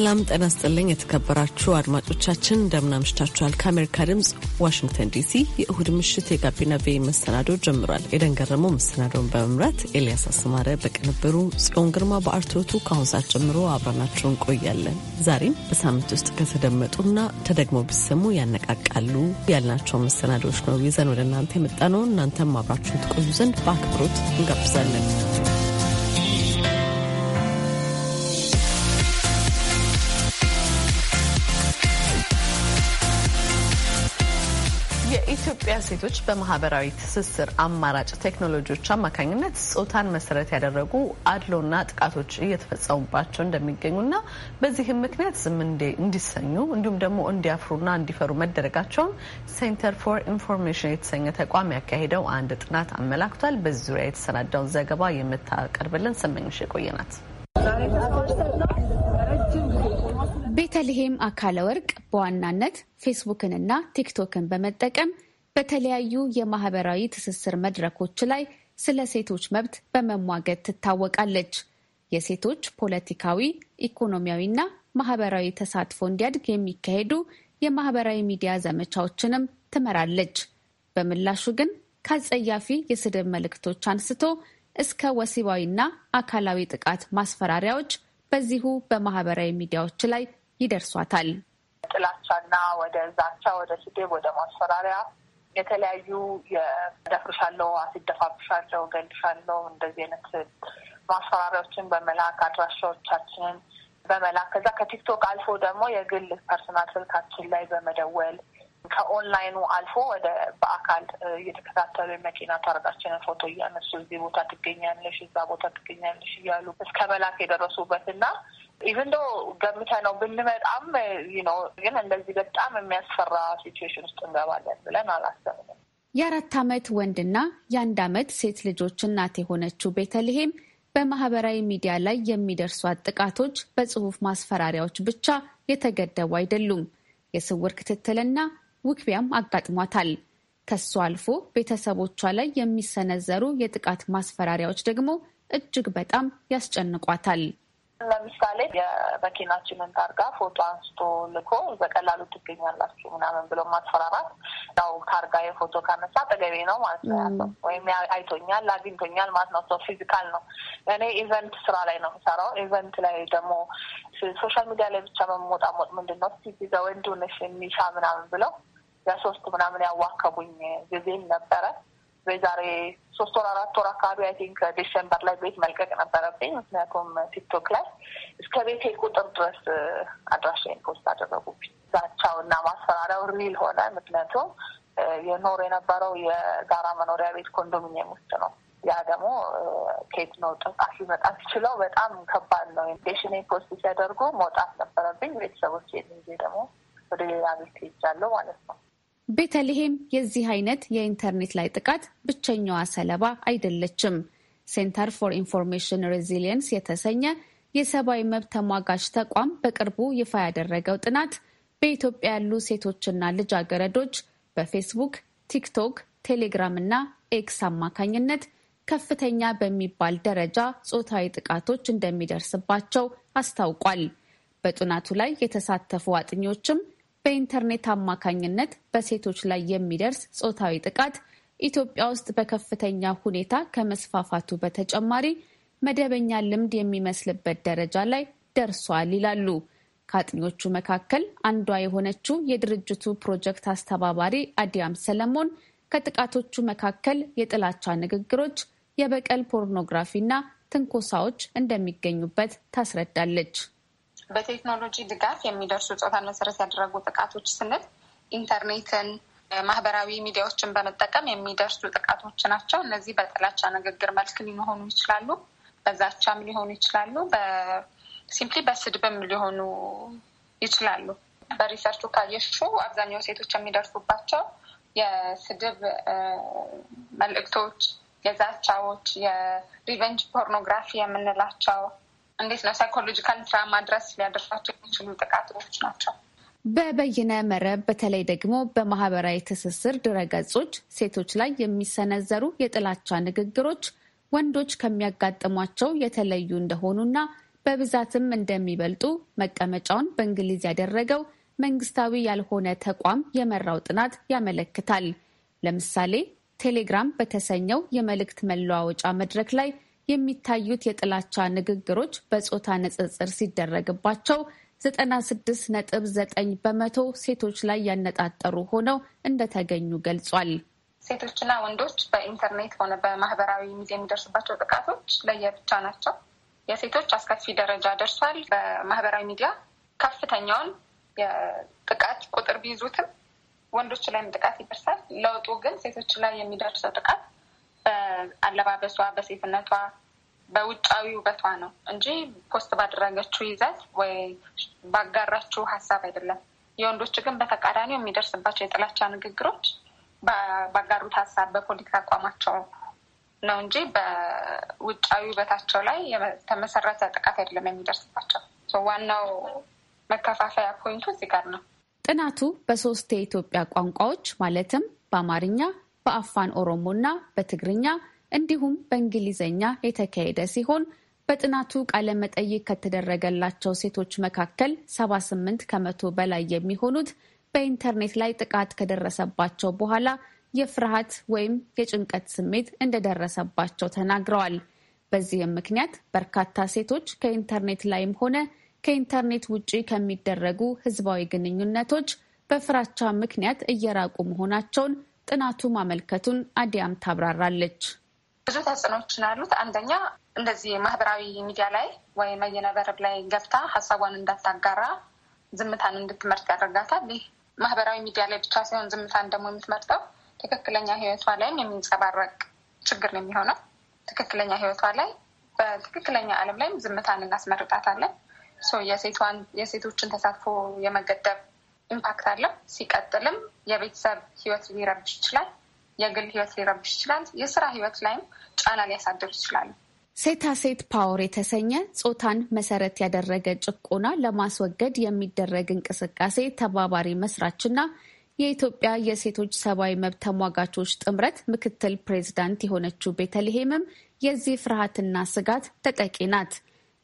ሰላም ጤና ስጥልኝ። የተከበራችሁ አድማጮቻችን እንደምን አምሽታችኋል? ከአሜሪካ ድምፅ ዋሽንግተን ዲሲ የእሁድ ምሽት የጋቢና ቬ መሰናዶ ጀምሯል። ኤደን ገረሞ መሰናዶውን በመምራት ኤልያስ አስማረ በቅንብሩ፣ ጽዮን ግርማ በአርትዖቱ ከአሁን ሰዓት ጀምሮ አብረናችሁ እንቆያለን። ዛሬም በሳምንት ውስጥ ከተደመጡና ተደግሞ ቢሰሙ ያነቃቃሉ ያልናቸው መሰናዶዎች ነው ይዘን ወደ እናንተ የመጣ ነው። እናንተም አብራችሁን ትቆዩ ዘንድ በአክብሮት እንጋብዛለን። የኢትዮጵያ ሴቶች በማህበራዊ ትስስር አማራጭ ቴክኖሎጂዎች አማካኝነት ጾታን መሰረት ያደረጉ አድሎና ጥቃቶች እየተፈጸሙባቸው እንደሚገኙና በዚህም ምክንያት ዝም እንዲሰኙ እንዲሁም ደግሞ እንዲያፍሩና እንዲፈሩ መደረጋቸውን ሴንተር ፎር ኢንፎርሜሽን የተሰኘ ተቋም ያካሄደው አንድ ጥናት አመላክቷል። በዚህ ዙሪያ የተሰናዳውን ዘገባ የምታቀርብልን ስመኝሽ የቆየናት። ቤተልሔም አካለ ወርቅ በዋናነት ፌስቡክንና ቲክቶክን በመጠቀም በተለያዩ የማህበራዊ ትስስር መድረኮች ላይ ስለ ሴቶች መብት በመሟገት ትታወቃለች። የሴቶች ፖለቲካዊ፣ ኢኮኖሚያዊና ማህበራዊ ተሳትፎ እንዲያድግ የሚካሄዱ የማህበራዊ ሚዲያ ዘመቻዎችንም ትመራለች። በምላሹ ግን ከአጸያፊ የስድብ መልእክቶች አንስቶ እስከ ወሲባዊና አካላዊ ጥቃት ማስፈራሪያዎች በዚሁ በማህበራዊ ሚዲያዎች ላይ ይደርሷታል። ጥላቻና ወደ ዛቻ፣ ወደ ስድብ፣ ወደ ማስፈራሪያ የተለያዩ የደፍርሻለው፣ አስደፋብሻለው፣ ገልሻለው እንደዚህ አይነት ማስፈራሪያዎችን በመላክ አድራሻዎቻችንን በመላክ ከዛ ከቲክቶክ አልፎ ደግሞ የግል ፐርሰናል ስልካችን ላይ በመደወል ከኦንላይኑ አልፎ ወደ በአካል እየተከታተሉ የመኪና ታርጋችንን ፎቶ እያነሱ እዚህ ቦታ ትገኛለሽ፣ እዛ ቦታ ትገኛለሽ እያሉ እስከ መላክ የደረሱበት እና ኢቨን ዶ ገምተ ነው ብንመጣም ነው ግን እንደዚህ በጣም የሚያስፈራ ሲትዌሽን ውስጥ እንገባለን ብለን አላሰብንም። የአራት ዓመት ወንድና የአንድ ዓመት ሴት ልጆች እናት የሆነችው ቤተልሔም በማህበራዊ ሚዲያ ላይ የሚደርሷት ጥቃቶች በጽሁፍ ማስፈራሪያዎች ብቻ የተገደቡ አይደሉም። የስውር ክትትልና ውክቢያም አጋጥሟታል። ከሱ አልፎ ቤተሰቦቿ ላይ የሚሰነዘሩ የጥቃት ማስፈራሪያዎች ደግሞ እጅግ በጣም ያስጨንቋታል። ለምሳሌ የመኪናችንን ታርጋ ፎቶ አንስቶ ልኮ በቀላሉ ትገኛላችሁ ምናምን ብሎ ማስፈራራት፣ ያው ታርጋ የፎቶ ካነሳ ጠገቤ ነው ማለት ነው ያለው ወይም አይቶኛል አግኝቶኛል ማለት ነው። ሰው ፊዚካል ነው። እኔ ኢቨንት ስራ ላይ ነው የምሰራው። ኢቨንት ላይ ደግሞ ሶሻል ሚዲያ ላይ ብቻ መሞጣሞጥ ምንድን ነው ሲዛ ወንድ ሆነሽ የሚሻ ምናምን ብለው ለሶስት ምናምን ያዋከቡኝ ጊዜም ነበረ። በዛሬ ሶስት ወር አራት ወር አካባቢ አይ ቲንክ ዲሴምበር ላይ ቤት መልቀቅ ነበረብኝ። ምክንያቱም ቲክቶክ ላይ እስከ ቤቴ ቁጥር ድረስ አድራሻዬን ፖስት አደረጉብኝ። ዛቻው እና ማስፈራሪያው ሪል ሆነ። ምክንያቱም የኖር የነበረው የጋራ መኖሪያ ቤት ኮንዶሚኒየም ውስጥ ነው። ያ ደግሞ ኬት ነው ጥቃት ሊመጣ ትችለው በጣም ከባድ ነው። ኢንዴሽኔ ፖስት ሲያደርጉ መውጣት ነበረብኝ። ቤተሰቦች ዜ ደግሞ ወደ ሌላ ቤት ሄጃለሁ ማለት ነው። ቤተልሔም የዚህ አይነት የኢንተርኔት ላይ ጥቃት ብቸኛዋ ሰለባ አይደለችም። ሴንተር ፎር ኢንፎርሜሽን ሬዚሊየንስ የተሰኘ የሰብአዊ መብት ተሟጋች ተቋም በቅርቡ ይፋ ያደረገው ጥናት በኢትዮጵያ ያሉ ሴቶችና ልጃገረዶች በፌስቡክ፣ ቲክቶክ፣ ቴሌግራም እና ኤክስ አማካኝነት ከፍተኛ በሚባል ደረጃ ጾታዊ ጥቃቶች እንደሚደርስባቸው አስታውቋል። በጥናቱ ላይ የተሳተፉ አጥኚዎችም በኢንተርኔት አማካኝነት በሴቶች ላይ የሚደርስ ጾታዊ ጥቃት ኢትዮጵያ ውስጥ በከፍተኛ ሁኔታ ከመስፋፋቱ በተጨማሪ መደበኛ ልምድ የሚመስልበት ደረጃ ላይ ደርሷል ይላሉ። ከአጥኚዎቹ መካከል አንዷ የሆነችው የድርጅቱ ፕሮጀክት አስተባባሪ አዲያም ሰለሞን ከጥቃቶቹ መካከል የጥላቻ ንግግሮች፣ የበቀል ፖርኖግራፊና ትንኮሳዎች እንደሚገኙበት ታስረዳለች። በቴክኖሎጂ ድጋፍ የሚደርሱ ጾታን መሰረት ያደረጉ ጥቃቶች ስንል ኢንተርኔትን፣ ማህበራዊ ሚዲያዎችን በመጠቀም የሚደርሱ ጥቃቶች ናቸው። እነዚህ በጥላቻ ንግግር መልክ ሊሆኑ ይችላሉ፣ በዛቻም ሊሆኑ ይችላሉ፣ በሲምፕሊ በስድብም ሊሆኑ ይችላሉ። በሪሰርቹ ካየሹ አብዛኛው ሴቶች የሚደርሱባቸው የስድብ መልእክቶች፣ የዛቻዎች፣ የሪቨንጅ ፖርኖግራፊ የምንላቸው እንዴት ነው ሳይኮሎጂካል ትራውማ ድረስ ሊያደርሳቸው የሚችሉ ጥቃቶች ናቸው። በበይነ መረብ በተለይ ደግሞ በማህበራዊ ትስስር ድረገጾች ሴቶች ላይ የሚሰነዘሩ የጥላቻ ንግግሮች ወንዶች ከሚያጋጥሟቸው የተለዩ እንደሆኑና በብዛትም እንደሚበልጡ መቀመጫውን በእንግሊዝ ያደረገው መንግስታዊ ያልሆነ ተቋም የመራው ጥናት ያመለክታል። ለምሳሌ ቴሌግራም በተሰኘው የመልእክት መለዋወጫ መድረክ ላይ የሚታዩት የጥላቻ ንግግሮች በጾታ ንጽጽር ሲደረግባቸው 96.9 በመቶ ሴቶች ላይ ያነጣጠሩ ሆነው እንደተገኙ ገልጿል። ሴቶችና ወንዶች በኢንተርኔት ሆነ በማህበራዊ ሚዲያ የሚደርሱባቸው ጥቃቶች ለየብቻ ናቸው። የሴቶች አስከፊ ደረጃ ደርሷል። በማህበራዊ ሚዲያ ከፍተኛውን የጥቃት ቁጥር ቢይዙትም ወንዶች ላይም ጥቃት ይደርሳል። ለውጡ ግን ሴቶች ላይ የሚደርሰው ጥቃት በአለባበሷ፣ በሴትነቷ፣ በውጫዊ ውበቷ ነው እንጂ ፖስት ባደረገችው ይዘት ወይ ባጋራችው ሀሳብ አይደለም። የወንዶች ግን በተቃራኒው የሚደርስባቸው የጥላቻ ንግግሮች ባጋሩት ሀሳብ በፖለቲካ አቋማቸው ነው እንጂ በውጫዊ ውበታቸው ላይ የተመሰረተ ጥቃት አይደለም የሚደርስባቸው። ዋናው መከፋፈያ ፖይንቱ እዚህ ጋር ነው። ጥናቱ በሶስት የኢትዮጵያ ቋንቋዎች ማለትም በአማርኛ፣ በአፋን ኦሮሞ እና በትግርኛ እንዲሁም በእንግሊዝኛ የተካሄደ ሲሆን በጥናቱ ቃለመጠይቅ ከተደረገላቸው ሴቶች መካከል 78 ከመቶ በላይ የሚሆኑት በኢንተርኔት ላይ ጥቃት ከደረሰባቸው በኋላ የፍርሃት ወይም የጭንቀት ስሜት እንደደረሰባቸው ተናግረዋል። በዚህም ምክንያት በርካታ ሴቶች ከኢንተርኔት ላይም ሆነ ከኢንተርኔት ውጪ ከሚደረጉ ሕዝባዊ ግንኙነቶች በፍራቻ ምክንያት እየራቁ መሆናቸውን ጥናቱ ማመልከቱን አዲያም ታብራራለች። ብዙ ተጽዕኖዎችን አሉት። አንደኛ እንደዚህ ማህበራዊ ሚዲያ ላይ ወይ መየነበረብ ላይ ገብታ ሀሳቧን እንዳታጋራ ዝምታን እንድትመርጥ ያደርጋታል። ይህ ማህበራዊ ሚዲያ ላይ ብቻ ሲሆን ዝምታን ደግሞ የምትመርጠው ትክክለኛ ህይወቷ ላይም የሚንጸባረቅ ችግር ነው የሚሆነው። ትክክለኛ ህይወቷ ላይ በትክክለኛ ዓለም ላይም ዝምታን እናስመርጣታለን። የሴቶችን ተሳትፎ የመገደብ ኢምፓክት አለው። ሲቀጥልም የቤተሰብ ህይወት ሊረብሽ ይችላል። የግል ህይወት ሊረብሽ ይችላል። የስራ ህይወት ላይም ጫና ሊያሳድር ሴታ ሴት ፓወር የተሰኘ ጾታን መሰረት ያደረገ ጭቆና ለማስወገድ የሚደረግ እንቅስቃሴ ተባባሪ መስራችና የኢትዮጵያ የሴቶች ሰብአዊ መብት ተሟጋቾች ጥምረት ምክትል ፕሬዝዳንት የሆነችው ቤተልሔምም የዚህ ፍርሃትና ስጋት ተጠቂ ናት።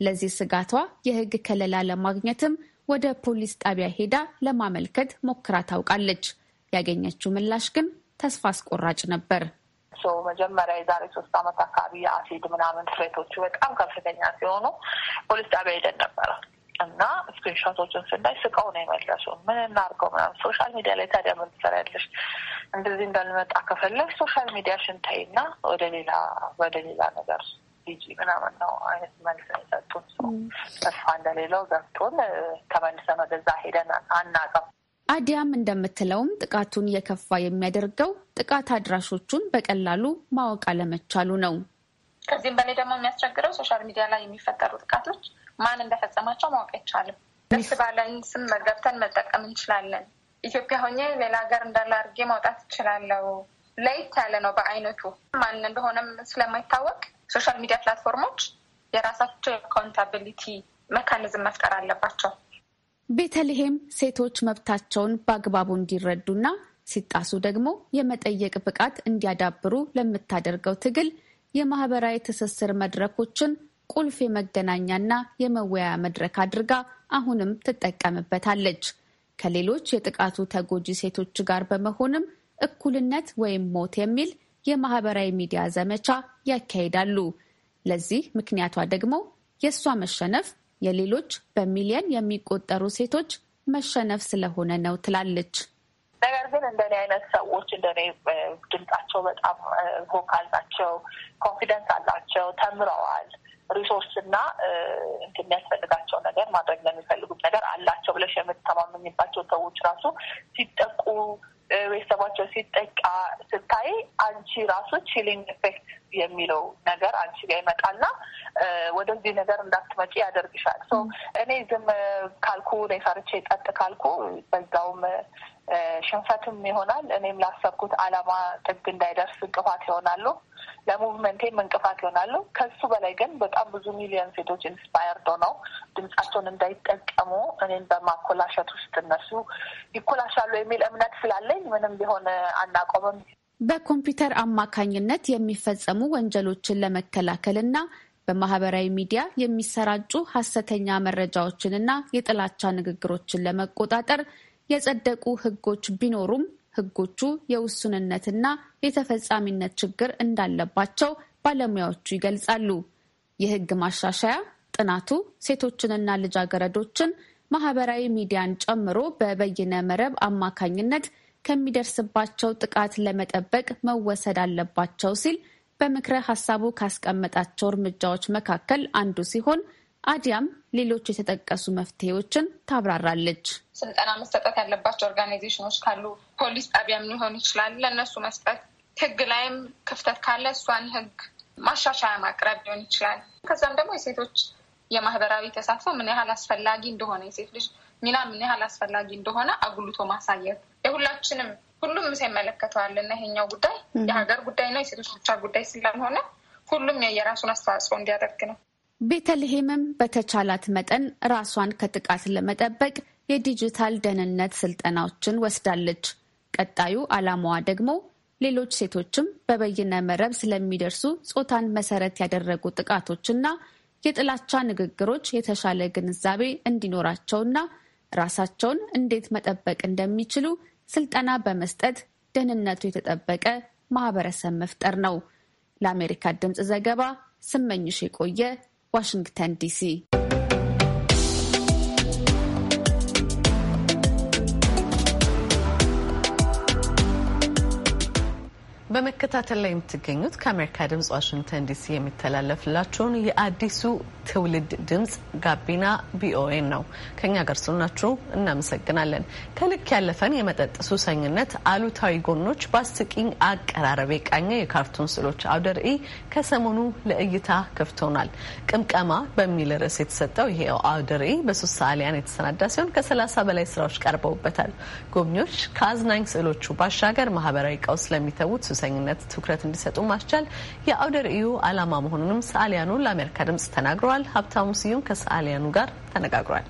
ለዚህ ስጋቷ የህግ ከለላ ለማግኘትም ወደ ፖሊስ ጣቢያ ሄዳ ለማመልከት ሞክራ ታውቃለች። ያገኘችው ምላሽ ግን ተስፋ አስቆራጭ ነበር። መጀመሪያ የዛሬ ሶስት አመት አካባቢ የአሲድ ምናምን ፍሬቶቹ በጣም ከፍተኛ ሲሆኑ ፖሊስ ጣቢያ ሄደን ነበረ እና ስክሪንሾቶችን ስናይ ስቀው ነው የመለሱ። ምን እናርገው ምናምን ሶሻል ሚዲያ ላይ ታዲያ ምን ትሰሪያለሽ? እንደዚህ እንዳልመጣ ከፈለግ ሶሻል ሚዲያ ሽንታይ ተይና ወደ ሌላ ወደ ሌላ ነገር ሂጂ ምናምን ነው አይነት መልስ የሰጡን። ሰው ተስፋ እንደሌለው ገብቶን ተመልሰን ወደዛ ሄደን አናቀም አዲያም እንደምትለውም ጥቃቱን የከፋ የሚያደርገው ጥቃት አድራሾቹን በቀላሉ ማወቅ አለመቻሉ ነው። ከዚህም በላይ ደግሞ የሚያስቸግረው ሶሻል ሚዲያ ላይ የሚፈጠሩ ጥቃቶች ማን እንደፈጸማቸው ማወቅ አይቻልም። ደስ ባለን ስም ገብተን መጠቀም እንችላለን። ኢትዮጵያ ሆኜ ሌላ ሀገር እንዳለ አድርጌ ማውጣት እችላለሁ። ለየት ያለ ነው በአይነቱ ማን እንደሆነም ስለማይታወቅ ሶሻል ሚዲያ ፕላትፎርሞች የራሳቸው የአካውንታቢሊቲ መካኒዝም መፍጠር አለባቸው። ቤተልሔም ሴቶች መብታቸውን በአግባቡ እንዲረዱና ሲጣሱ ደግሞ የመጠየቅ ብቃት እንዲያዳብሩ ለምታደርገው ትግል የማህበራዊ ትስስር መድረኮችን ቁልፍ የመገናኛና የመወያያ መድረክ አድርጋ አሁንም ትጠቀምበታለች። ከሌሎች የጥቃቱ ተጎጂ ሴቶች ጋር በመሆንም እኩልነት ወይም ሞት የሚል የማህበራዊ ሚዲያ ዘመቻ ያካሂዳሉ። ለዚህ ምክንያቷ ደግሞ የእሷ መሸነፍ የሌሎች በሚሊየን የሚቆጠሩ ሴቶች መሸነፍ ስለሆነ ነው ትላለች። ነገር ግን እንደኔ አይነት ሰዎች እንደኔ ድምጻቸው በጣም ቮካል ናቸው፣ ኮንፊደንስ አላቸው፣ ተምረዋል፣ ሪሶርስ እና የሚያስፈልጋቸው ነገር ማድረግ ለሚፈልጉት ነገር አላቸው ብለሽ የምትተማመኝባቸው ሰዎች ራሱ ሲጠቁ ቤተሰባቸው ሲጠቃ ስታይ አንቺ ራሱ ቺሊንግ ኢፌክት የሚለው ነገር አንቺ ጋር ይመጣና ወደዚህ ነገር እንዳትመጪ ያደርግሻል። እኔ ዝም ካልኩ እኔ ፈርቼ ጠጥ ካልኩ በዛውም ሽንፈትም ይሆናል። እኔም ላሰብኩት አላማ ጥግ እንዳይደርስ እንቅፋት ይሆናሉ። ለሙቭመንቴም እንቅፋት ይሆናሉ። ከሱ በላይ ግን በጣም ብዙ ሚሊዮን ሴቶች ኢንስፓየርድ ነው ድምጻቸውን እንዳይጠቀሙ እኔን በማኮላሸት ውስጥ እነሱ ይኮላሻሉ የሚል እምነት ስላለኝ ምንም ቢሆን አናቆምም። በኮምፒውተር አማካኝነት የሚፈጸሙ ወንጀሎችን ለመከላከልና በማህበራዊ ሚዲያ የሚሰራጩ ሀሰተኛ መረጃዎችንና የጥላቻ ንግግሮችን ለመቆጣጠር የጸደቁ ሕጎች ቢኖሩም ሕጎቹ የውሱንነትና የተፈጻሚነት ችግር እንዳለባቸው ባለሙያዎቹ ይገልጻሉ። የሕግ ማሻሻያ ጥናቱ ሴቶችንና ልጃገረዶችን ማህበራዊ ሚዲያን ጨምሮ በበይነ መረብ አማካኝነት ከሚደርስባቸው ጥቃት ለመጠበቅ መወሰድ አለባቸው ሲል በምክረ ሀሳቡ ካስቀመጣቸው እርምጃዎች መካከል አንዱ ሲሆን አዲያም ሌሎች የተጠቀሱ መፍትሄዎችን ታብራራለች። ስልጠና መሰጠት ያለባቸው ኦርጋናይዜሽኖች ካሉ ፖሊስ ጣቢያም ሊሆን ይችላል፣ ለእነሱ መስጠት፣ ህግ ላይም ክፍተት ካለ እሷን ህግ ማሻሻያ ማቅረብ ሊሆን ይችላል። ከዛም ደግሞ የሴቶች የማህበራዊ ተሳትፎ ምን ያህል አስፈላጊ እንደሆነ የሴት ልጅ ሚና ምን ያህል አስፈላጊ እንደሆነ አጉልቶ ማሳየት የሁላችንም ሁሉም ሲመለከተዋል እና ይሄኛው ጉዳይ የሀገር ጉዳይ ነው የሴቶች ብቻ ጉዳይ ስላልሆነ ሁሉም የራሱን አስተዋጽኦ እንዲያደርግ ነው። ቤተልሔምም በተቻላት መጠን ራሷን ከጥቃት ለመጠበቅ የዲጂታል ደህንነት ስልጠናዎችን ወስዳለች። ቀጣዩ ዓላማዋ ደግሞ ሌሎች ሴቶችም በበይነ መረብ ስለሚደርሱ ጾታን መሰረት ያደረጉ ጥቃቶችና የጥላቻ ንግግሮች የተሻለ ግንዛቤ እንዲኖራቸውና ራሳቸውን እንዴት መጠበቅ እንደሚችሉ ስልጠና በመስጠት ደህንነቱ የተጠበቀ ማህበረሰብ መፍጠር ነው። ለአሜሪካ ድምፅ ዘገባ ስመኝሽ የቆየ ዋሽንግተን ዲሲ በመከታተል ላይ የምትገኙት ከአሜሪካ ድምጽ ዋሽንግተን ዲሲ የሚተላለፍላችሁን የአዲሱ ትውልድ ድምጽ ጋቢና ቪኦኤ ነው። ከኛ ጋር ስለሆናችሁ እናመሰግናለን። ከልክ ያለፈን የመጠጥ ሱሰኝነት አሉታዊ ጎኖች በአስቂኝ አቀራረብ የቃኘ የካርቱን ስዕሎች አውደ ርዕይ ከሰሞኑ ለእይታ ክፍት ሆኗል። ቅምቀማ በሚል ርዕስ የተሰጠው ይሄ አውደ ርዕይ በሶስት ሰዓሊያን የተሰናዳ ሲሆን ከሰላሳ በላይ ስራዎች ቀርበውበታል። ጎብኚዎች ከአዝናኝ ስዕሎቹ ባሻገር ማህበራዊ ቀውስ ለሚተዉት ወሳኝነት ትኩረት እንዲሰጡ ማስቻል የአውደ ርዕዩ ዓላማ መሆኑንም ሰዓሊያኑ ለአሜሪካ ድምጽ ተናግረዋል። ሀብታሙ ስዩም ከሰዓሊያኑ ጋር ተነጋግሯል።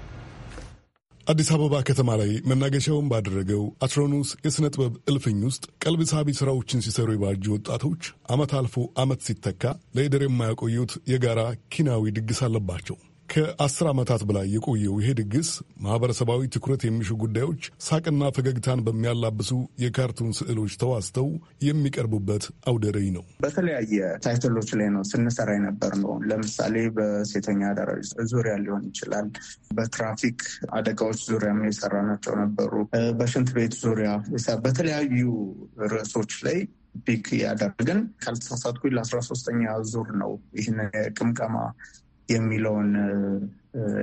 አዲስ አበባ ከተማ ላይ መናገሻውን ባደረገው አትሮኖስ የሥነ ጥበብ እልፍኝ ውስጥ ቀልብ ሳቢ ሥራዎችን ሲሰሩ የባጁ ወጣቶች ዓመት አልፎ ዓመት ሲተካ ለኢደር የማያቆዩት የጋራ ኪናዊ ድግስ አለባቸው። ከአስር ዓመታት በላይ የቆየው ይሄ ድግስ ማኅበረሰባዊ ትኩረት የሚሹ ጉዳዮች ሳቅና ፈገግታን በሚያላብሱ የካርቱን ስዕሎች ተዋዝተው የሚቀርቡበት አውደ ርዕይ ነው። በተለያየ ታይትሎች ላይ ነው ስንሰራ የነበር ነው። ለምሳሌ በሴተኛ አዳሪዎች ዙሪያ ሊሆን ይችላል። በትራፊክ አደጋዎች ዙሪያ የሰራናቸው ነበሩ። በሽንት ቤት ዙሪያ በተለያዩ ርዕሶች ላይ ፒክ ያደረግን ካልተሳሳትኩኝ ለአስራ ሶስተኛ ዙር ነው ይህን የቅምቀማ የሚለውን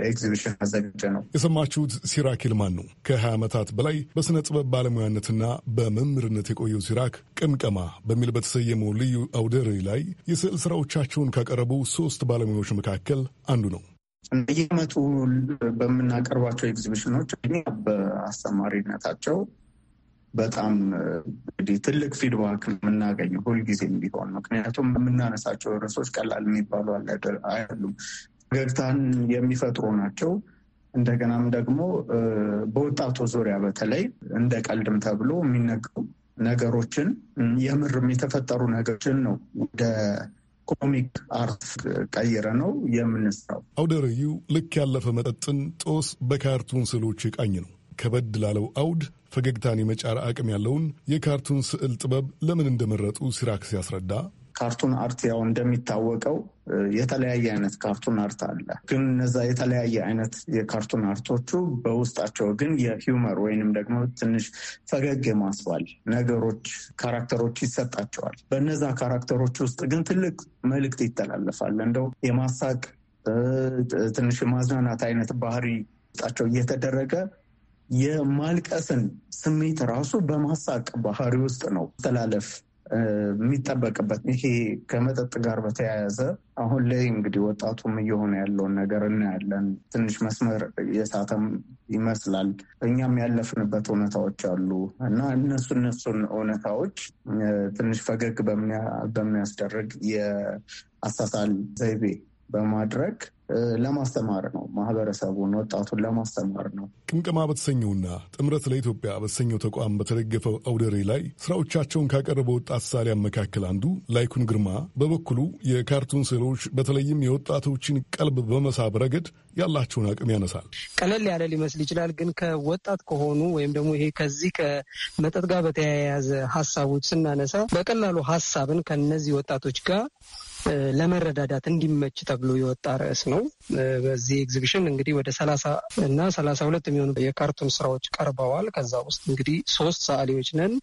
ኤግዚቢሽን አዘጋጀ ነው። የሰማችሁት ሲራክ ይልማን ነው። ከ20 ዓመታት በላይ በሥነ ጥበብ ባለሙያነትና በመምህርነት የቆየው ሲራክ ቅምቀማ በሚል በተሰየመው ልዩ አውደ ርዕይ ላይ የስዕል ስራዎቻቸውን ካቀረቡ ሶስት ባለሙያዎች መካከል አንዱ ነው። በየዓመቱ በምናቀርባቸው ኤግዚቢሽኖች በአስተማሪነታቸው በጣም እንግዲህ ትልቅ ፊድባክ የምናገኝ ሁልጊዜም ቢሆን ምክንያቱም የምናነሳቸው ርዕሶች ቀላል የሚባሉ አይደሉም። ፈገግታን የሚፈጥሩ ናቸው። እንደገናም ደግሞ በወጣቱ ዙሪያ በተለይ እንደ ቀልድም ተብሎ የሚነገሩ ነገሮችን የምርም የተፈጠሩ ነገሮችን ነው ወደ ኮሚክ አርት ቀይረ ነው የምንስራው። አውደ ርዕዩ ልክ ያለፈ መጠጥን ጦስ በካርቱን ስዕሎች ቃኝ ነው። ከበድ ላለው አውድ ፈገግታን የመጫር አቅም ያለውን የካርቱን ስዕል ጥበብ ለምን እንደመረጡ ሲራክስ ያስረዳ። ካርቱን አርት ያው እንደሚታወቀው የተለያየ አይነት ካርቱን አርት አለ። ግን እነዛ የተለያየ አይነት የካርቱን አርቶቹ በውስጣቸው ግን የሂውመር ወይንም ደግሞ ትንሽ ፈገግ የማስባል ነገሮች ካራክተሮች ይሰጣቸዋል። በነዛ ካራክተሮች ውስጥ ግን ትልቅ መልእክት ይተላለፋል። እንደው የማሳቅ ትንሽ የማዝናናት አይነት ባህሪ ውስጣቸው እየተደረገ የማልቀስን ስሜት ራሱ በማሳቅ ባህሪ ውስጥ ነው ተላለፍ የሚጠበቅበት። ይሄ ከመጠጥ ጋር በተያያዘ አሁን ላይ እንግዲህ ወጣቱም እየሆነ ያለውን ነገር እናያለን። ትንሽ መስመር የሳተም ይመስላል። እኛም ያለፍንበት እውነታዎች አሉ እና እነሱ እነሱን እውነታዎች ትንሽ ፈገግ በሚያስደርግ የአሳሳል ዘይቤ በማድረግ ለማስተማር ነው። ማህበረሰቡን ወጣቱን ለማስተማር ነው። ቅምቅማ በተሰኘውና ጥምረት ለኢትዮጵያ በተሰኘው ተቋም በተደገፈው አውደሬ ላይ ስራዎቻቸውን ካቀረበ ወጣት ሰዓሊያን መካከል አንዱ ላይኩን ግርማ በበኩሉ የካርቱን ስዕሎች በተለይም የወጣቶችን ቀልብ በመሳብ ረገድ ያላቸውን አቅም ያነሳል። ቀለል ያለ ሊመስል ይችላል፣ ግን ከወጣት ከሆኑ ወይም ደግሞ ይሄ ከዚህ ከመጠጥ ጋር በተያያዘ ሀሳቦች ስናነሳ በቀላሉ ሀሳብን ከነዚህ ወጣቶች ጋር ለመረዳዳት እንዲመች ተብሎ የወጣ ርዕስ ነው። በዚህ ኤግዚቢሽን እንግዲህ ወደ ሰላሳ እና ሰላሳ ሁለት የሚሆኑ የካርቱን ስራዎች ቀርበዋል። ከዛ ውስጥ እንግዲህ ሶስት ሰዓሊዎች ነን።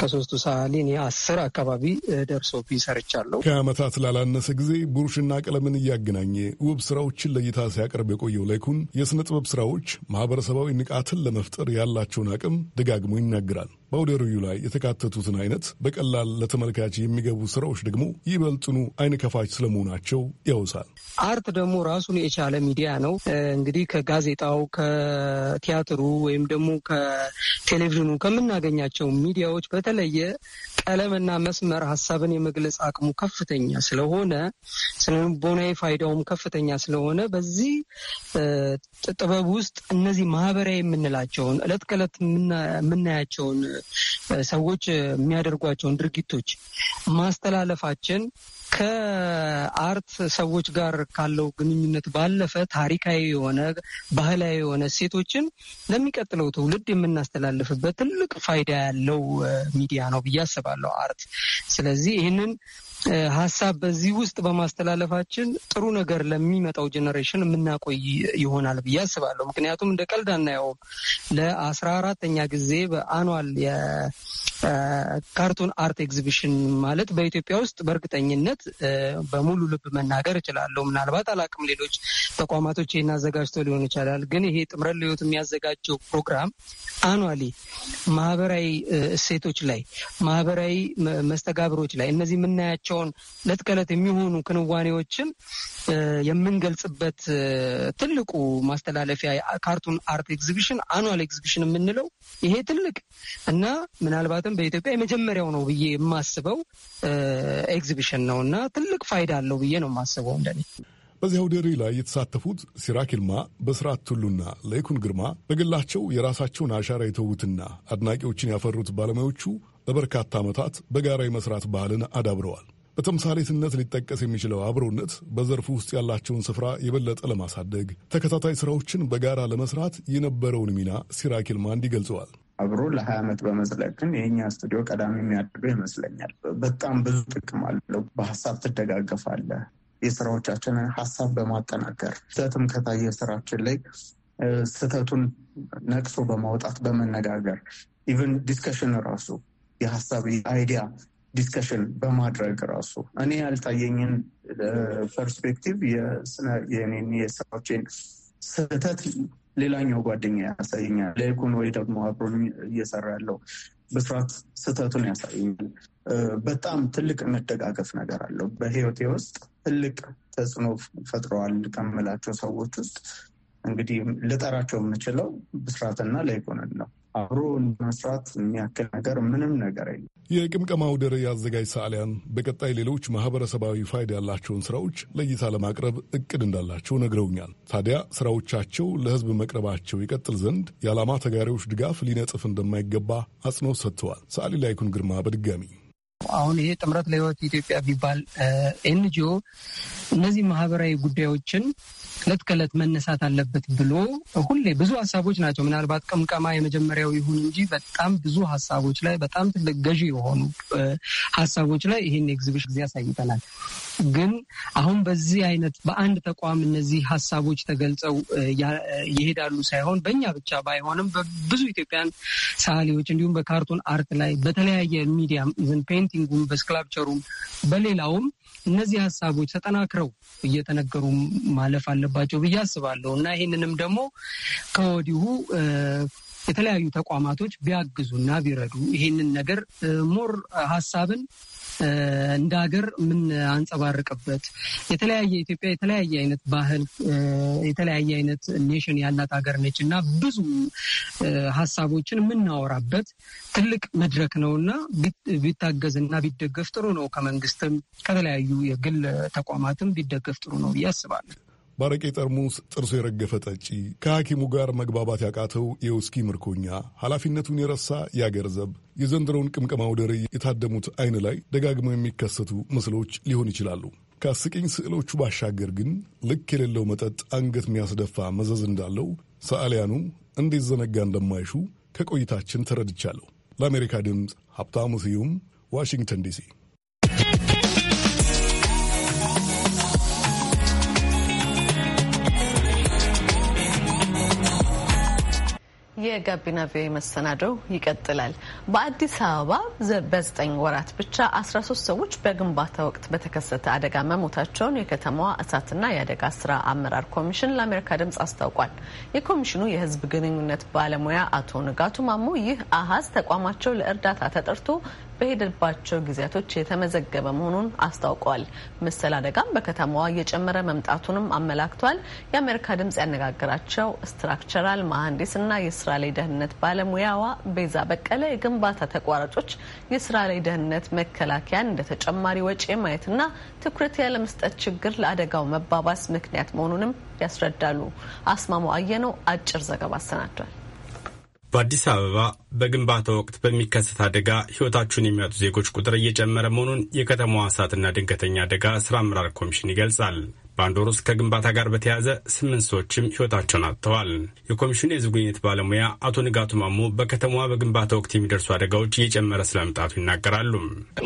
ከሶስቱ ሰዓሊ እኔ አስር አካባቢ ደርሶ ሰርቻለሁ። ከአመታት ላላነሰ ጊዜ ብሩሽና ቀለምን እያገናኘ ውብ ስራዎችን ለእይታ ሲያቀርብ የቆየው ላይኩን የስነ ጥበብ ስራዎች ማህበረሰባዊ ንቃትን ለመፍጠር ያላቸውን አቅም ደጋግሞ ይናገራል። በአውደርዩ ላይ የተካተቱትን አይነት በቀላል ለተመልካች የሚገቡ ስራዎች ደግሞ ይበልጥኑ አይን ከፋች ስለመሆናቸው ያውሳል። አርት ደግሞ ራሱን የቻለ ሚዲያ ነው። እንግዲህ ከጋዜጣው፣ ከቲያትሩ ወይም ደግሞ ከቴሌቪዥኑ ከምናገኛቸው ሚዲያዎች በተለየ ቀለምና መስመር ሀሳብን የመግለጽ አቅሙ ከፍተኛ ስለሆነ ስነልቦናዊ ፋይዳውም ከፍተኛ ስለሆነ በዚህ ጥበብ ውስጥ እነዚህ ማህበራዊ የምንላቸውን እለት ከእለት የምናያቸውን ሰዎች የሚያደርጓቸውን ድርጊቶች ማስተላለፋችን ከአርት ሰዎች ጋር ካለው ግንኙነት ባለፈ ታሪካዊ የሆነ ባህላዊ የሆነ እሴቶችን ለሚቀጥለው ትውልድ የምናስተላልፍበት ትልቅ ፋይዳ ያለው ሚዲያ ነው ብዬ አስባለሁ አርት። ስለዚህ ይህንን ሀሳብ በዚህ ውስጥ በማስተላለፋችን ጥሩ ነገር ለሚመጣው ጀኔሬሽን የምናቆይ ይሆናል ብዬ አስባለሁ። ምክንያቱም እንደ ቀልድ አናየውም። ለአስራ አራተኛ ጊዜ በአኗል ካርቱን አርት ኤግዚቢሽን ማለት በኢትዮጵያ ውስጥ በእርግጠኝነት በሙሉ ልብ መናገር እችላለሁ። ምናልባት አላቅም፣ ሌሎች ተቋማቶች ይህን አዘጋጅተው ሊሆን ይችላል። ግን ይሄ ጥምረት ለሕይወት የሚያዘጋጀው ፕሮግራም አኗሊ ማህበራዊ እሴቶች ላይ ማህበራዊ መስተጋብሮች ላይ እነዚህ የምናያቸውን ዕለት ከዕለት የሚሆኑ ክንዋኔዎችን የምንገልጽበት ትልቁ ማስተላለፊያ ካርቱን አርት ኤግዚቢሽን አኗል ኤግዚቢሽን የምንለው ይሄ ትልቅ እና ምናልባትም በጣም በኢትዮጵያ የመጀመሪያው ነው ብዬ የማስበው ኤግዚቢሽን ነው እና ትልቅ ፋይዳ አለው ብዬ ነው የማስበው እንደኔ። በዚህ አውደ ርዕይ ላይ የተሳተፉት ሲራክ ይልማ፣ በስርዓት ቱሉና ለይኩን ግርማ በግላቸው የራሳቸውን አሻራ የተዉትና አድናቂዎችን ያፈሩት ባለሙያዎቹ ለበርካታ ዓመታት በጋራ የመስራት ባህልን አዳብረዋል። በተምሳሌትነት ሊጠቀስ የሚችለው አብሮነት በዘርፉ ውስጥ ያላቸውን ስፍራ የበለጠ ለማሳደግ ተከታታይ ስራዎችን በጋራ ለመስራት የነበረውን ሚና ሲራክ ይልማ እንዲህ ገልጸዋል። አብሮ ለሀያ ዓመት በመዝለቅ ግን የኛ ስቱዲዮ ቀዳሚ የሚያደርገው ይመስለኛል። በጣም ብዙ ጥቅም አለው። በሀሳብ ትደጋገፋለህ። የስራዎቻችንን ሀሳብ በማጠናከር ስህተትም ከታየ ስራችን ላይ ስህተቱን ነቅሶ በማውጣት በመነጋገር ኢቨን ዲስከሽን ራሱ የሀሳብ አይዲያ ዲስከሽን በማድረግ ራሱ እኔ ያልታየኝን ፐርስፔክቲቭ የስራዎችን ስህተት ሌላኛው ጓደኛ ያሳየኛል። ለይኩን ወይ ደግሞ አብሮን እየሰራ ያለው በስርዓት ስህተቱን ያሳየኛል። በጣም ትልቅ መደጋገፍ ነገር አለው። በህይወቴ ውስጥ ትልቅ ተጽዕኖ ፈጥረዋል ከምላቸው ሰዎች ውስጥ እንግዲህ ልጠራቸው የምችለው ብስራትና ለይኩንን ነው። አብሮ ለመስራት የሚያክል ነገር ምንም ነገር የለም። የቅምቀማ ውደር አዘጋጅ ሰዓሊያን በቀጣይ ሌሎች ማህበረሰባዊ ፋይዳ ያላቸውን ስራዎች ለእይታ ለማቅረብ እቅድ እንዳላቸው ነግረውኛል። ታዲያ ስራዎቻቸው ለህዝብ መቅረባቸው ይቀጥል ዘንድ የዓላማ ተጋሪዎች ድጋፍ ሊነጥፍ እንደማይገባ አጽንኦት ሰጥተዋል። ሰዓሊ ላይኩን ግርማ በድጋሚ አሁን ይሄ ጥምረት ለህይወት ኢትዮጵያ ቢባል ኤንጂኦ እነዚህ ማህበራዊ ጉዳዮችን እለት ከእለት መነሳት አለበት ብሎ ሁሌ ብዙ ሀሳቦች ናቸው። ምናልባት ቅምቀማ የመጀመሪያው ይሁን እንጂ በጣም ብዙ ሀሳቦች ላይ በጣም ትልቅ ገዢ የሆኑ ሀሳቦች ላይ ይህን ኤግዚቢሽን ጊዜ አሳይተናል። ግን አሁን በዚህ አይነት በአንድ ተቋም እነዚህ ሀሳቦች ተገልጸው ይሄዳሉ ሳይሆን በእኛ ብቻ ባይሆንም በብዙ ኢትዮጵያን ሰዓሊዎች እንዲሁም በካርቱን አርት ላይ በተለያየ ሚዲያም ኢቨን ፔንቲንጉም በስክላፕቸሩም በሌላውም እነዚህ ሀሳቦች ተጠናክረው እየተነገሩ ማለፍ አለባቸው ብዬ አስባለሁ እና ይህንንም ደግሞ ከወዲሁ የተለያዩ ተቋማቶች ቢያግዙና ቢረዱ ይህንን ነገር ሞር ሀሳብን እንደ ሀገር የምናንጸባርቅበት የተለያየ ኢትዮጵያ የተለያየ አይነት ባህል የተለያየ አይነት ኔሽን ያላት ሀገር ነች እና ብዙ ሀሳቦችን የምናወራበት ትልቅ መድረክ ነው እና ቢታገዝ እና ቢደገፍ ጥሩ ነው። ከመንግስትም ከተለያዩ የግል ተቋማትም ቢደገፍ ጥሩ ነው ብዬ አስባለሁ። ባረቄ ጠርሙስ፣ ጥርሶ የረገፈ ጠጪ፣ ከሐኪሙ ጋር መግባባት ያቃተው የውስኪ ምርኮኛ፣ ኃላፊነቱን የረሳ የአገር ዘብ፣ የዘንድሮውን ቅምቅማ ወደ የታደሙት አይን ላይ ደጋግመው የሚከሰቱ ምስሎች ሊሆን ይችላሉ። ከአስቂኝ ስዕሎቹ ባሻገር ግን ልክ የሌለው መጠጥ አንገት የሚያስደፋ መዘዝ እንዳለው ሰዓሊያኑ እንዴት ዘነጋ እንደማይሹ ከቆይታችን ተረድቻለሁ። ለአሜሪካ ድምፅ ሀብታሙ ስዩም ዋሽንግተን ዲሲ የጋቢና ቪ መሰናደው ይቀጥላል። በአዲስ አበባ በዘጠኝ ወራት ብቻ አስራ ሶስት ሰዎች በግንባታ ወቅት በተከሰተ አደጋ መሞታቸውን የከተማዋ እሳትና የአደጋ ስራ አመራር ኮሚሽን ለአሜሪካ ድምጽ አስታውቋል። የኮሚሽኑ የሕዝብ ግንኙነት ባለሙያ አቶ ንጋቱ ማሞ ይህ አሀዝ ተቋማቸው ለእርዳታ ተጠርቶ በሄደባቸው ጊዜያቶች የተመዘገበ መሆኑን አስታውቀዋል። መሰል አደጋም በከተማዋ እየጨመረ መምጣቱንም አመላክቷል። የአሜሪካ ድምጽ ያነጋገራቸው ስትራክቸራል መሐንዲስና የስራ ላይ ደህንነት ባለሙያዋ ቤዛ በቀለ የግንባታ ተቋራጮች የስራ ላይ ደህንነት መከላከያን እንደ ተጨማሪ ወጪ ማየትና ትኩረት ያለመስጠት ችግር ለአደጋው መባባስ ምክንያት መሆኑንም ያስረዳሉ። አስማሙ አየነው አጭር ዘገባ አሰናዷል። በአዲስ አበባ በግንባታ ወቅት በሚከሰት አደጋ ሕይወታቸውን የሚያጡ ዜጎች ቁጥር እየጨመረ መሆኑን የከተማዋ እሳትና ድንገተኛ አደጋ ስራ አመራር ኮሚሽን ይገልጻል። በአንድ ወር ውስጥ ከግንባታ ጋር በተያያዘ ስምንት ሰዎችም ሕይወታቸውን አጥተዋል። የኮሚሽኑ የሕዝብ ግንኙነት ባለሙያ አቶ ንጋቱ ማሞ በከተማዋ በግንባታ ወቅት የሚደርሱ አደጋዎች እየጨመረ ስለመምጣቱ ይናገራሉ።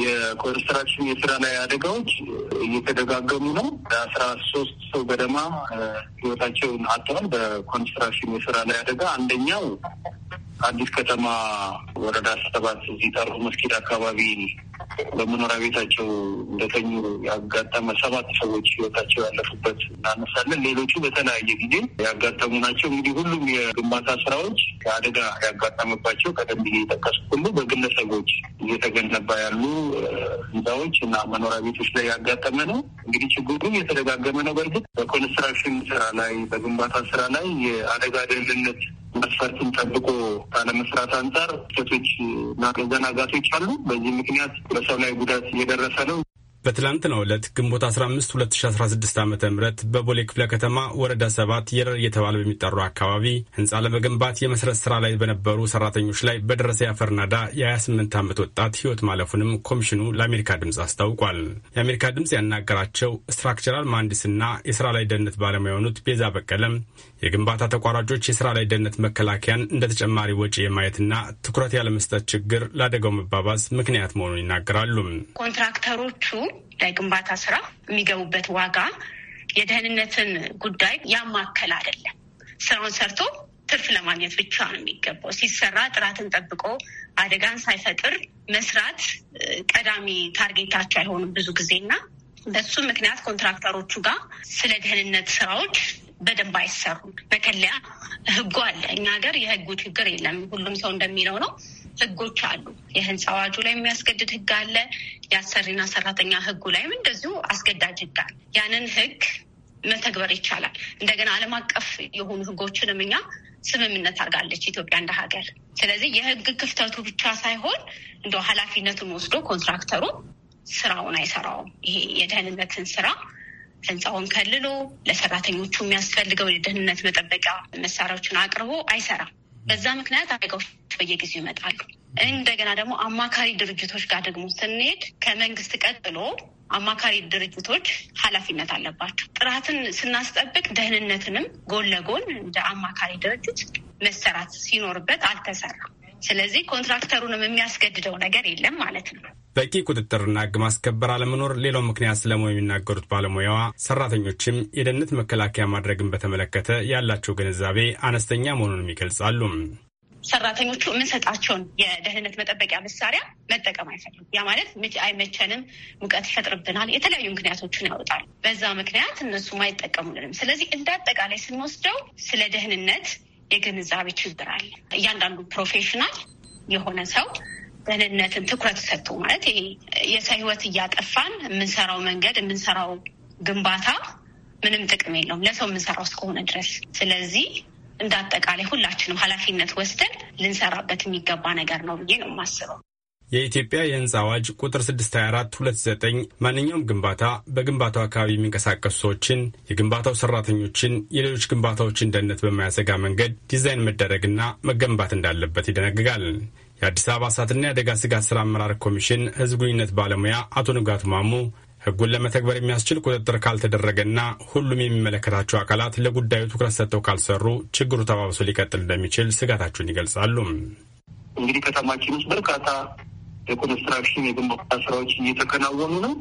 የኮንስትራክሽን የስራ ላይ አደጋዎች እየተደጋገሙ ነው። በአስራ ሶስት ሰው ገደማ ህይወታቸውን አጥተዋል። በኮንስትራክሽን የስራ ላይ አደጋ አንደኛው አዲስ ከተማ ወረዳ ሰባት እዚህ ጠሩ መስጊድ አካባቢ በመኖሪያ ቤታቸው እንደተኙ ያጋጠመ ሰባት ሰዎች ህይወታቸው ያለፉበት እናነሳለን። ሌሎቹ በተለያየ ጊዜ ያጋጠሙ ናቸው። እንግዲህ ሁሉም የግንባታ ስራዎች ከአደጋ ያጋጠመባቸው ቀደም ብዬ የጠቀሱ ሁሉ በግለሰቦች እየተገነባ ያሉ ህንፃዎች እና መኖሪያ ቤቶች ላይ ያጋጠመ ነው። እንግዲህ ችግሩ የተደጋገመ ነው። በእርግጥ በኮንስትራክሽን ስራ ላይ በግንባታ ስራ ላይ የአደጋ ደህንነት መስፈርትን ጠብቆ ካለመስራት አንጻር ስህተቶች እና መዘናጋቶች አሉ። በዚህ ምክንያት በሰው ላይ ጉዳት እየደረሰ ነው። በትላንትናው ዕለት ግንቦት 15 2016 ዓ ም በቦሌ ክፍለ ከተማ ወረዳ ሰባት የረር እየተባለ በሚጠሩ አካባቢ ህንፃ ለመገንባት የመሰረት ስራ ላይ በነበሩ ሰራተኞች ላይ በደረሰ የአፈር ናዳ የ28 ዓመት ወጣት ህይወት ማለፉንም ኮሚሽኑ ለአሜሪካ ድምፅ አስታውቋል። የአሜሪካ ድምፅ ያናገራቸው ስትራክቸራል መሐንዲስና የስራ ላይ ደህንነት ባለሙያ የሆኑት ቤዛ በቀለም የግንባታ ተቋራጮች የስራ ላይ ደህንነት መከላከያን እንደ ተጨማሪ ወጪ የማየትና ትኩረት ያለመስጠት ችግር ለአደጋው መባባስ ምክንያት መሆኑን ይናገራሉ። ኮንትራክተሮቹ ላይ ግንባታ ስራ የሚገቡበት ዋጋ የደህንነትን ጉዳይ ያማከል አይደለም። ስራውን ሰርቶ ትርፍ ለማግኘት ብቻ ነው የሚገባው። ሲሰራ ጥራትን ጠብቆ አደጋን ሳይፈጥር መስራት ቀዳሚ ታርጌታቸው አይሆኑም ብዙ ጊዜ እና በሱ ምክንያት ኮንትራክተሮቹ ጋር ስለ ደህንነት ስራዎች በደንብ አይሰሩም። መከለያ ህጉ አለ። እኛ ሀገር የህጉ ችግር የለም። ሁሉም ሰው እንደሚለው ነው ህጎች አሉ። የህንፃ አዋጁ ላይ የሚያስገድድ ህግ አለ። የአሰሪና ሰራተኛ ህጉ ላይም እንደዚሁ አስገዳጅ ህግ አለ። ያንን ህግ መተግበር ይቻላል። እንደገና ዓለም አቀፍ የሆኑ ህጎችንም እኛ ስምምነት አድርጋለች ኢትዮጵያ እንደ ሀገር። ስለዚህ የህግ ክፍተቱ ብቻ ሳይሆን እንደ ኃላፊነቱን ወስዶ ኮንትራክተሩ ስራውን አይሰራውም። ይሄ የደህንነትን ስራ ህንፃውን ከልሎ ለሰራተኞቹ የሚያስፈልገው የደህንነት መጠበቂያ መሳሪያዎችን አቅርቦ አይሰራም። በዛ ምክንያት አደጋዎች በየጊዜው ይመጣሉ። እንደገና ደግሞ አማካሪ ድርጅቶች ጋር ደግሞ ስንሄድ ከመንግስት ቀጥሎ አማካሪ ድርጅቶች ኃላፊነት አለባቸው። ጥራትን ስናስጠብቅ ደህንነትንም ጎን ለጎን እንደ አማካሪ ድርጅት መሰራት ሲኖርበት አልተሰራም። ስለዚህ ኮንትራክተሩንም የሚያስገድደው ነገር የለም ማለት ነው። በቂ ቁጥጥርና ሕግ ማስከበር አለመኖር ሌላው ምክንያት ስለመሆኑ የሚናገሩት ባለሙያዋ ሰራተኞችም የደህንነት መከላከያ ማድረግን በተመለከተ ያላቸው ግንዛቤ አነስተኛ መሆኑንም ይገልጻሉ። ሰራተኞቹ የምንሰጣቸውን የደህንነት መጠበቂያ መሳሪያ መጠቀም አይፈልም። ያ ማለት ምች አይመቸንም፣ ሙቀት ይፈጥርብናል፣ የተለያዩ ምክንያቶችን ያወጣል። በዛ ምክንያት እነሱም አይጠቀሙልንም። ስለዚህ እንደ አጠቃላይ ስንወስደው ስለ ደህንነት የግንዛቤ ችግር አለ። እያንዳንዱ ፕሮፌሽናል የሆነ ሰው ደህንነትን ትኩረት ሰጥቶ ማለት ይሄ የሰው ህይወት እያጠፋን የምንሰራው መንገድ የምንሰራው ግንባታ ምንም ጥቅም የለውም ለሰው የምንሰራው እስከሆነ ድረስ። ስለዚህ እንደ አጠቃላይ ሁላችንም ኃላፊነት ወስደን ልንሰራበት የሚገባ ነገር ነው ብዬ ነው የማስበው። የኢትዮጵያ የህንፃ አዋጅ ቁጥር 624/29 ማንኛውም ግንባታ በግንባታው አካባቢ የሚንቀሳቀሱ ሰዎችን፣ የግንባታው ሰራተኞችን፣ የሌሎች ግንባታዎችን ደህንነት በማያሰጋ መንገድ ዲዛይን መደረግና መገንባት እንዳለበት ይደነግጋል። የአዲስ አበባ እሳትና የአደጋ ስጋት ስራ አመራር ኮሚሽን ህዝብ ግንኙነት ባለሙያ አቶ ንጋቱ ማሞ ህጉን ለመተግበር የሚያስችል ቁጥጥር ካልተደረገና ሁሉም የሚመለከታቸው አካላት ለጉዳዩ ትኩረት ሰጥተው ካልሰሩ ችግሩ ተባብሶ ሊቀጥል እንደሚችል ስጋታችሁን ይገልጻሉ። እንግዲህ ከተማችን ውስጥ በርካታ የኮንስትራክሽን የግንባታ ስራዎች እየተከናወኑ ነው።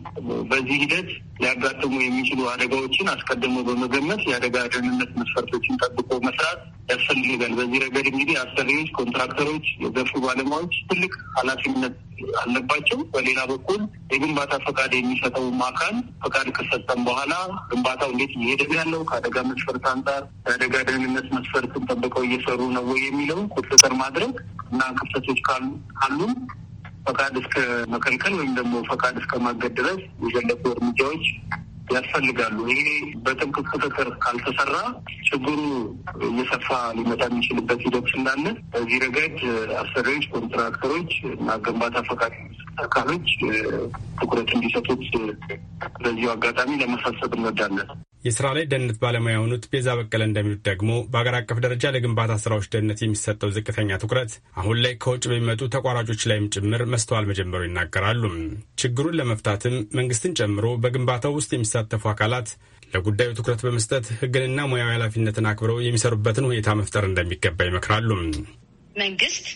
በዚህ ሂደት ሊያጋጥሙ የሚችሉ አደጋዎችን አስቀድሞ በመገመት የአደጋ ደህንነት መስፈርቶችን ጠብቆ መስራት ያስፈልጋል። በዚህ ረገድ እንግዲህ አሰሪዎች፣ ኮንትራክተሮች፣ የዘርፉ ባለሙያዎች ትልቅ ኃላፊነት አለባቸው። በሌላ በኩል የግንባታ ፈቃድ የሚሰጠውም አካል ፈቃድ ከሰጠም በኋላ ግንባታው እንዴት እየሄደ ያለው ከአደጋ መስፈርት አንጻር የአደጋ ደህንነት መስፈርትን ጠብቀው እየሰሩ ነው ወይ የሚለው ቁጥጥር ማድረግ እና ክፍተቶች ካሉ ፈቃድ እስከ መከልከል ወይም ደግሞ ፈቃድ እስከ ማገድ ድረስ የዘለቁ እርምጃዎች ያስፈልጋሉ። ይሄ በጥብቅ ቁጥጥር ካልተሰራ ችግሩ እየሰፋ ሊመጣ የሚችልበት ሂደት ስላለ በዚህ ረገድ አሰሪዎች፣ ኮንትራክተሮች እና ግንባታ ፈቃድ አካሎች ትኩረት እንዲሰጡት በዚሁ አጋጣሚ ለመሳሰብ እንወዳለን። የስራ ላይ ደህንነት ባለሙያ የሆኑት ቤዛ በቀለ እንደሚሉት ደግሞ በአገር አቀፍ ደረጃ ለግንባታ ስራዎች ደህንነት የሚሰጠው ዝቅተኛ ትኩረት አሁን ላይ ከውጭ በሚመጡ ተቋራጮች ላይም ጭምር መስተዋል መጀመሩ ይናገራሉ። ችግሩን ለመፍታትም መንግስትን ጨምሮ በግንባታው ውስጥ የሚሳተፉ አካላት ለጉዳዩ ትኩረት በመስጠት ህግንና ሙያዊ ኃላፊነትን አክብረው የሚሰሩበትን ሁኔታ መፍጠር እንደሚገባ ይመክራሉ። መንግስት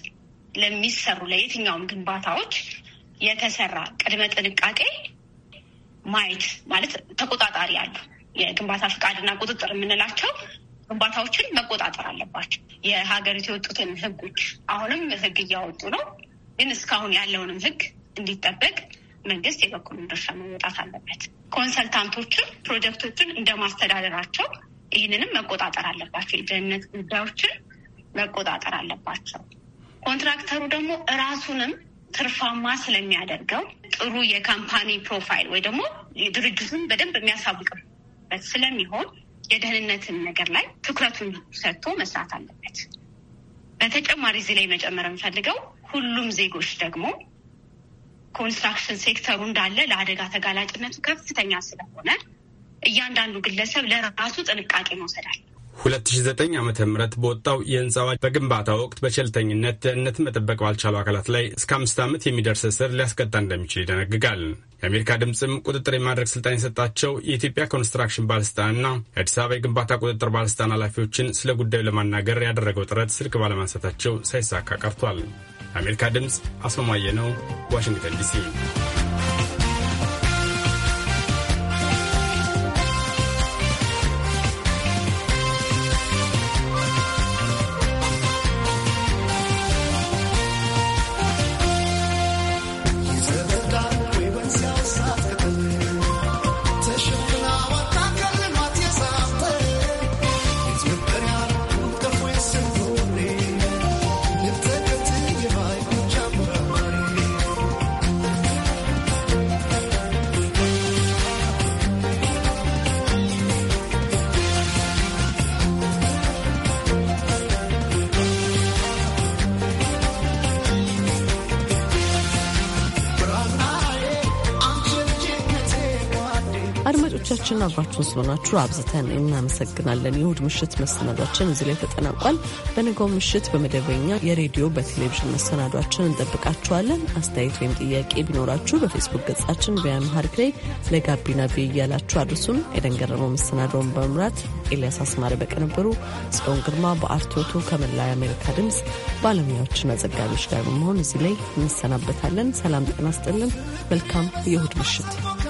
ለሚሰሩ ለየትኛውም ግንባታዎች የተሰራ ቅድመ ጥንቃቄ ማየት ማለት ተቆጣጣሪ አለ? የግንባታ ፍቃድና ቁጥጥር የምንላቸው ግንባታዎችን መቆጣጠር አለባቸው። የሀገሪቱ የወጡትን ህጎች አሁንም ህግ እያወጡ ነው፣ ግን እስካሁን ያለውንም ህግ እንዲጠበቅ መንግስት የበኩሉን ድርሻ መወጣት አለበት። ኮንሰልታንቶችን ፕሮጀክቶችን እንደማስተዳደራቸው ይህንንም መቆጣጠር አለባቸው። የደህንነት ጉዳዮችን መቆጣጠር አለባቸው። ኮንትራክተሩ ደግሞ እራሱንም ትርፋማ ስለሚያደርገው ጥሩ የካምፓኒ ፕሮፋይል ወይ ደግሞ ድርጅቱን በደንብ የሚያሳውቅ የሚሆንበት ስለሚሆን የደህንነትን ነገር ላይ ትኩረቱን ሰጥቶ መስራት አለበት። በተጨማሪ እዚህ ላይ መጨመር የምፈልገው ሁሉም ዜጎች ደግሞ ኮንስትራክሽን ሴክተሩ እንዳለ ለአደጋ ተጋላጭነቱ ከፍተኛ ስለሆነ እያንዳንዱ ግለሰብ ለራሱ ጥንቃቄ መውሰድ አለ 2009 ዓ ም በወጣው የህንፃ አዋጅ በግንባታ ወቅት በቸልተኝነት ደህንነትን መጠበቅ ባልቻሉ አካላት ላይ እስከ አምስት ዓመት የሚደርስ እስር ሊያስቀጣ እንደሚችል ይደነግጋል። የአሜሪካ ድምፅም ቁጥጥር የማድረግ ስልጣን የሰጣቸው የኢትዮጵያ ኮንስትራክሽን ባለስልጣንና የአዲስ አበባ የግንባታ ቁጥጥር ባለስልጣን ኃላፊዎችን ስለ ጉዳዩ ለማናገር ያደረገው ጥረት ስልክ ባለማንሳታቸው ሳይሳካ ቀርቷል። የአሜሪካ ድምፅ አስማማየ ነው፣ ዋሽንግተን ዲሲ አብራችሁን ስለሆናችሁ አብዝተን እናመሰግናለን። የእሁድ ምሽት መሰናዷችን እዚህ ላይ ተጠናቋል። በነገው ምሽት በመደበኛ የሬዲዮ በቴሌቪዥን መሰናዷችን እንጠብቃችኋለን። አስተያየት ወይም ጥያቄ ቢኖራችሁ በፌስቡክ ገጻችን በያምሃሪክ ላይ ለጋቢና ቪ እያላችሁ አድርሱም ኤደን ገረመው መሰናዶውን በመምራት ኤልያስ አስማሪ በቅንብሩ ጽዮን ግርማ በአርቶቱ ከመላ አሜሪካ ድምፅ ባለሙያዎችና ዘጋቢዎች ጋር በመሆን እዚህ ላይ እንሰናበታለን። ሰላም ጤና ስጥልን። መልካም የእሁድ ምሽት